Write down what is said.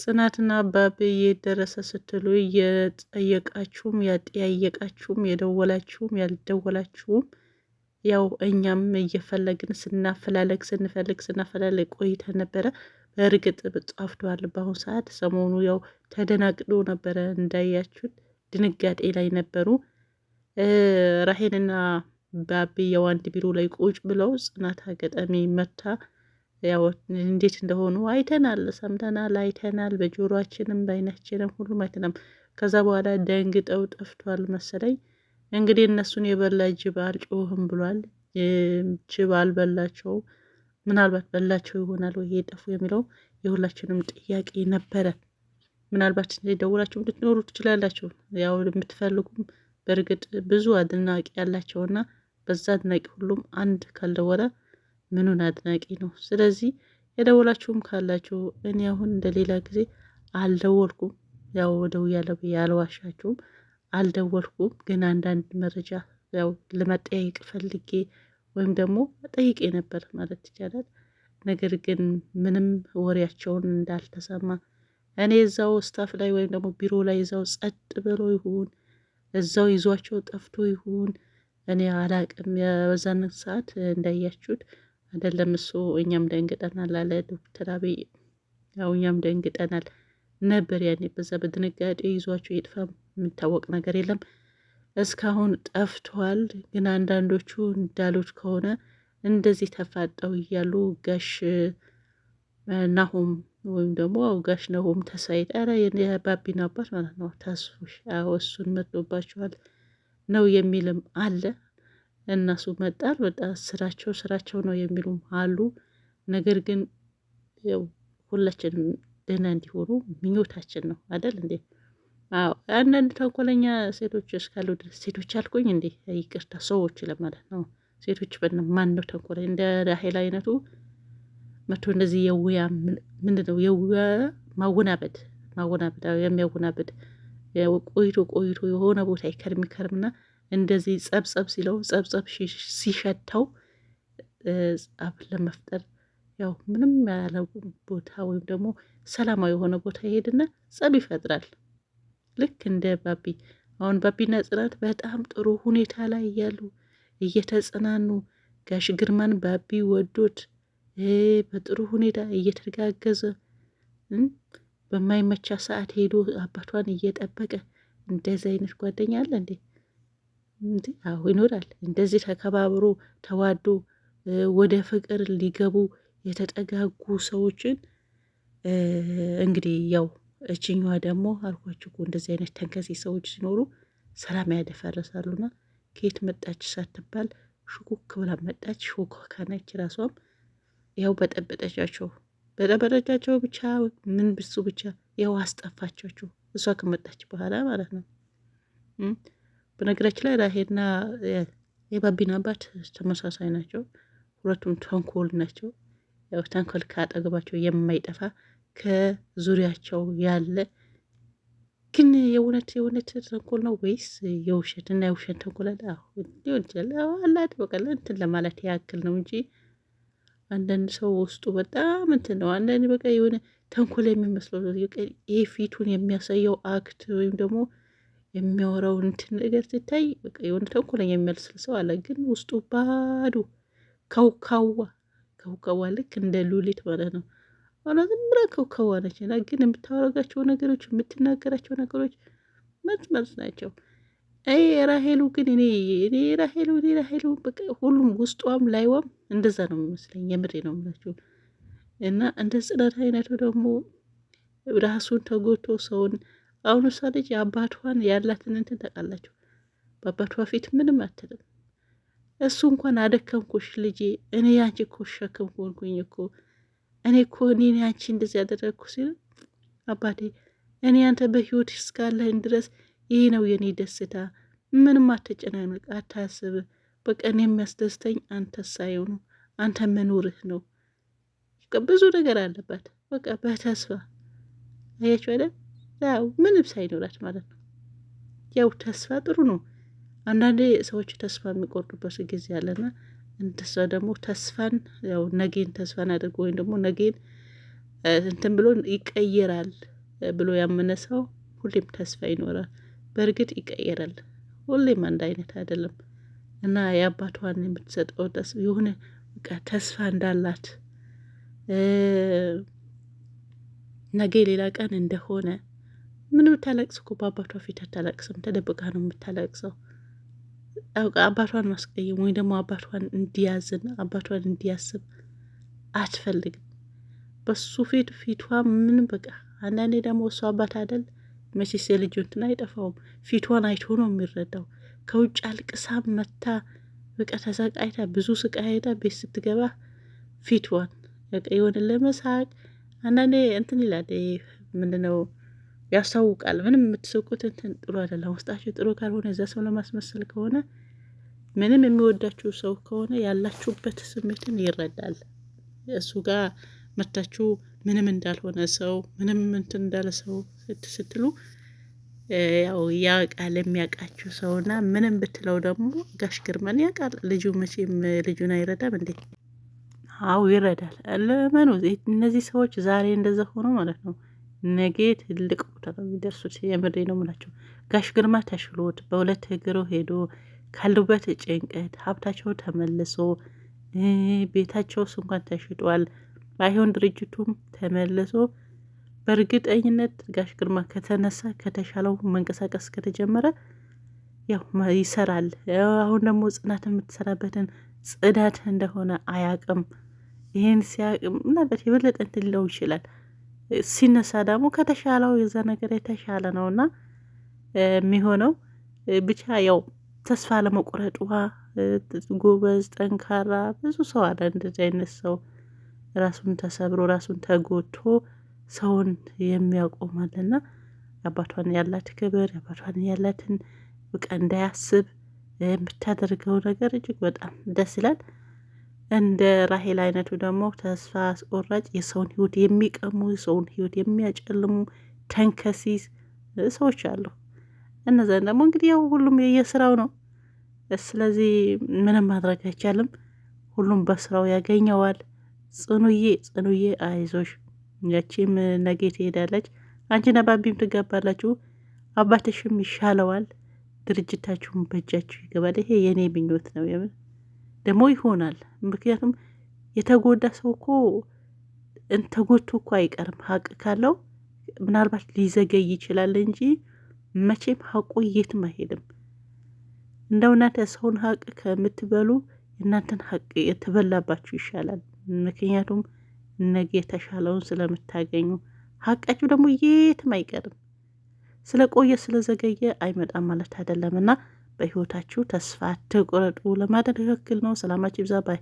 ጽናትና አባቤ የት ደረሰ ስትሉ እየጠየቃችሁም ያጠያየቃችሁም የደወላችሁም ያልደወላችሁም ያው እኛም እየፈለግን ስናፈላለግ ስንፈልግ ስናፈላለግ ቆይተን ነበረ። በእርግጥ ጠፍቷል። በአሁኑ ሰዓት ሰሞኑ ያው ተደናግጦ ነበረ እንዳያችሁት፣ ድንጋጤ ላይ ነበሩ። ራሄንና ባቢ የዋንድ አንድ ቢሮ ላይ ቁጭ ብለው ጽናት አጋጣሚ መታ ያው እንዴት እንደሆኑ አይተናል፣ ሰምተናል፣ አይተናል። በጆሮአችንም በአይናችንም ሁሉም አይተናል። ከዛ በኋላ ደንግጠው ጠፍቷል መሰለኝ። እንግዲህ እነሱን የበላ ጅብ አልጮህም ብሏል። ጅብ አልበላቸው ምናልባት በላቸው ይሆናል ወይ የጠፉ የሚለው የሁላችንም ጥያቄ ነበረ። ምናልባት ደውላችሁ ልትኖሩ ትችላላችሁ። ያው የምትፈልጉም በእርግጥ ብዙ አድናቂ ያላቸውና በዛ አድናቂ ሁሉም አንድ ካልደወለ ምኑን አድናቂ ነው። ስለዚህ የደወላችሁም ካላችሁ እኔ አሁን እንደሌላ ጊዜ አልደወልኩም። ያው ወደው ያለው ያልዋሻችሁም አልደወልኩም፣ ግን አንዳንድ መረጃ ያው ለመጠያየቅ ፈልጌ ወይም ደግሞ ጠይቄ ነበር ማለት ይቻላል። ነገር ግን ምንም ወሬያቸውን እንዳልተሰማ እኔ እዛው ስታፍ ላይ ወይም ደግሞ ቢሮ ላይ እዛው ጸጥ ብሎ ይሁን እዛው ይዟቸው ጠፍቶ ይሁን እኔ አላቅም። የበዛን ሰዓት እንዳያችሁት አይደለም እሱ እኛም ደንግጠናል አለ ዶክተር አብይ። ያው እኛም ደንግጠናል ነበር ያኔ በዛ በድንጋጤ ይዟቸው የጥፋ የሚታወቅ ነገር የለም እስካሁን ጠፍቷል። ግን አንዳንዶቹ እንዳሉት ከሆነ እንደዚህ ተፋጠው እያሉ ጋሽ ናሆም ወይም ደግሞ ጋሽ ናሆም ተሳይት ኧረ የባቢን አባት ማለት ነው ተስፎሽ እሱን መጥቶባቸዋል ነው የሚልም አለ። እነሱ መጣል በቃ ስራቸው ስራቸው ነው የሚሉም አሉ። ነገር ግን ያው ሁላችንም ደህና እንዲሆኑ ምኞታችን ነው አደል እንዴ? አዎ አንዳንድ ተንኮለኛ ሴቶች እስካሉ ድረስ ሴቶች አልኩኝ እንዴ ይቅርታ ሰዎች ለማለት ነው። ሴቶች በ ማን ነው ተንኮለኛ እንደ ራሄል አይነቱ መቶ እንደዚህ የውያ ምንድነው የውያ ማወናበድ ማወናበድ የሚያወናበድ ቆይቶ ቆይቶ የሆነ ቦታ ይከርም ይከርምና እንደዚህ ጸብጸብ ሲለው ጸብጸብ ሲሸተው ጸብ ለመፍጠር ያው ምንም ያለ ቦታ ወይም ደግሞ ሰላማዊ የሆነ ቦታ ይሄድና ጸብ ይፈጥራል። ልክ እንደ ባቢ አሁን ባቢና ጽናት በጣም ጥሩ ሁኔታ ላይ እያሉ እየተጽናኑ ጋሽ ግርማን ባቢ ወዶት በጥሩ ሁኔታ እየተጋገዘ በማይመቻ ሰዓት ሄዶ አባቷን እየጠበቀ እንደዚህ አይነት ጓደኛ አለ እንዴ? እንዲ አሁ ይኖራል። እንደዚህ ተከባብሮ ተዋዶ ወደ ፍቅር ሊገቡ የተጠጋጉ ሰዎችን እንግዲህ ያው እችኛዋ ደግሞ አልኳቸው እኮ እንደዚህ አይነት ተንከሴ ሰዎች ሲኖሩ ሰላም ያደፈረሳሉና ከየት መጣች ሳትባል ሹኩክ ብላ መጣች። ሹኩክ ከነች ራሷም ያው በጠበጠቻቸው በጠበጠቻቸው ብቻ ምን ብሱ ብቻ ያው አስጠፋቻቸው እሷ ከመጣች በኋላ ማለት ነው። በነገራችን ላይ ራሄና የባቢና አባት ተመሳሳይ ናቸው። ሁለቱም ተንኮል ናቸው። ያው ተንኮል ከአጠገባቸው የማይጠፋ ከዙሪያቸው ያለ ግን የእውነት የእውነት ተንኮል ነው ወይስ የውሸት እና የውሸት ተንኮል አለ? ሊሆን ይችላል አላት በቀለ እንትን ለማለት ያክል ነው እንጂ አንዳንድ ሰው ውስጡ በጣም እንትን ነው። አንዳንድ በቃ የሆነ ተንኮል የሚመስለው ይህ ፊቱን የሚያሳየው አክት ወይም ደግሞ የሚያወራው እንትን ነገር ሲታይ በቃ የሆነ ተንኮለኛ የሚመስል ሰው አለ፣ ግን ውስጡ ባዶ ከውካዋ ከውካዋ ልክ እንደ ሉሊት ማለት ነው። አሁን ዝም ብላ ከውካዋ ነች እና ግን የምታወረጋቸው ነገሮች የምትናገራቸው ነገሮች መርዝ መርዝ ናቸው። ይ ራሄሉ ግን እኔ እኔ ራሄሉ እኔ ራሄሉ በቃ ሁሉም ውስጧም ላይዋም እንደዛ ነው የሚመስለኝ። የምሬ ነው የምላቸው እና እንደ ጽናት አይነቱ ደግሞ ራሱን ተጎቶ ሰውን አሁን እሷ ልጅ የአባቷን ያላትን እንትን ታውቃላችሁ። በአባቷ ፊት ምንም አትልም። እሱ እንኳን አደከምኩሽ ልጄ፣ እኔ ያንቺ እኮ ሸክም ሆንኩኝ እኮ እኔ እኮ እኔን ያንቺ እንደዚህ ያደረግኩ ሲል አባቴ፣ እኔ አንተ በህይወት እስካለህን ድረስ ይህ ነው የኔ ደስታ። ምንም አትጨናነቅ፣ አታስብ። በቃ እኔ የሚያስደስተኝ አንተ ሳየው ነው፣ አንተ መኖርህ ነው። ብዙ ነገር አለባት። በቃ በተስፋ አያችሁ አይደል ያው ምንም ሳይኖራት ማለት ነው። ያው ተስፋ ጥሩ ነው። አንዳንዴ ሰዎች ተስፋ የሚቆርጡበት ጊዜ አለና እንደሷ ደግሞ ተስፋን ያው ነገን ተስፋን አድርጎ ወይም ደግሞ ነገን እንትን ብሎ ይቀየራል ብሎ ያመነ ሰው ሁሌም ተስፋ ይኖራል። በእርግጥ ይቀየራል፣ ሁሌም አንድ አይነት አይደለም እና የአባቷን የምትሰጠው ተስፋ የሆነ በቃ ተስፋ እንዳላት ነገ ሌላ ቀን እንደሆነ ምን ብታለቅስ እኮ በአባቷ ፊት አታለቅስም። ተደብቃ ነው የምታለቅሰው። አባቷን ማስቀየም ወይ ደግሞ አባቷን እንዲያዝን አባቷን እንዲያስብ አትፈልግም። በሱ ፊት ፊቷ ምን በቃ አንዳንዴ ደግሞ እሱ አባት አደል መቼስ የልጁ እንትን አይጠፋውም። ፊቷን አይቶ ነው የሚረዳው። ከውጭ አልቅሳ መታ በቃ ተሰቃይታ ብዙ ስቃይ አይታ ቤት ስትገባ ፊቷን በቃ የሆነ ለመሳቅ አንዳንዴ እንትን ይላል ምንድነው ያስታውቃል። ምንም የምትስቁት እንትን ጥሩ አይደለም። ውስጣችሁ ጥሩ ካልሆነ እዛ ሰው ለማስመሰል ከሆነ ምንም የሚወዳችሁ ሰው ከሆነ ያላችሁበት ስሜትን ይረዳል። እሱ ጋር መታችሁ ምንም እንዳልሆነ ሰው ምንም እንትን እንዳለ ሰው ስትሉ ያው ያውቃል የሚያውቃችሁ እና ምንም ብትለው ደግሞ ጋሽ ግርማን ያውቃል ልጁ። መቼም ልጁን አይረዳም እንዴ? አው ይረዳል። ለመኑ እነዚህ ሰዎች ዛሬ እንደዛ ሆኖ ማለት ነው ነገ ትልቅ ቦታ ነው የሚደርሱት። የምሬ ነው ምላቸው። ጋሽ ግርማ ተሽሎት በሁለት እግሮ ሄዶ ካሉበት ጭንቀት ሀብታቸው ተመልሶ ቤታቸውስ እንኳን ተሽጧል ባይሆን ድርጅቱም ተመልሶ በእርግጠኝነት ጋሽ ግርማ ከተነሳ ከተሻለው መንቀሳቀስ ከተጀመረ ያው ይሰራል። አሁን ደግሞ ጽናት የምትሰራበትን ጽዳት እንደሆነ አያቅም። ይህን ሲያቅም ምናልባት የበለጠ እንትን ሊለው ይችላል። ሲነሳ ደግሞ ከተሻለው የዛ ነገር የተሻለ ነው እና የሚሆነው ብቻ ያው ተስፋ ለመቁረጥ ጎበዝ፣ ጠንካራ ብዙ ሰው አለ። እንደዚህ አይነት ሰው ራሱን ተሰብሮ ራሱን ተጎድቶ ሰውን የሚያቆማልና አባቷን ያላት ክብር አባቷን ያላትን ብቃ እንዳያስብ የምታደርገው ነገር እጅግ በጣም ደስ ይላል። እንደ ራሄል አይነቱ ደግሞ ተስፋ አስቆራጭ የሰውን ህይወት የሚቀሙ የሰውን ህይወት የሚያጨልሙ ተንከሲ ሰዎች አሉ። እነዚያን ደግሞ እንግዲህ ያው ሁሉም የስራው ነው። ስለዚህ ምንም ማድረግ አይቻልም። ሁሉም በስራው ያገኘዋል። ጽኑዬ ጽኑዬ አይዞሽ፣ ያቺም ነገ ትሄዳለች። አንቺ ባቢም ትገባላችሁ አባትሽም ይሻለዋል። ድርጅታችሁን በእጃችሁ ይገባል። ይሄ የእኔ ምኞት ነው የምን ደግሞ ይሆናል። ምክንያቱም የተጎዳ ሰው እኮ ተጎድቶ እኮ አይቀርም። ሀቅ ካለው ምናልባት ሊዘገይ ይችላል እንጂ መቼም ሀቁ የትም አይሄድም። እንደው እናንተ ሰውን ሀቅ ከምትበሉ እናንተን ሀቅ የተበላባችሁ ይሻላል። ምክንያቱም ነገ የተሻለውን ስለምታገኙ ሀቃችሁ ደግሞ የትም አይቀርም። ስለ ቆየ ስለዘገየ አይመጣም ማለት አይደለም እና በህይወታችሁ ተስፋ አትቁረጡ ለማለት ያክል ነው። ሰላማችሁ ይብዛ። ባይ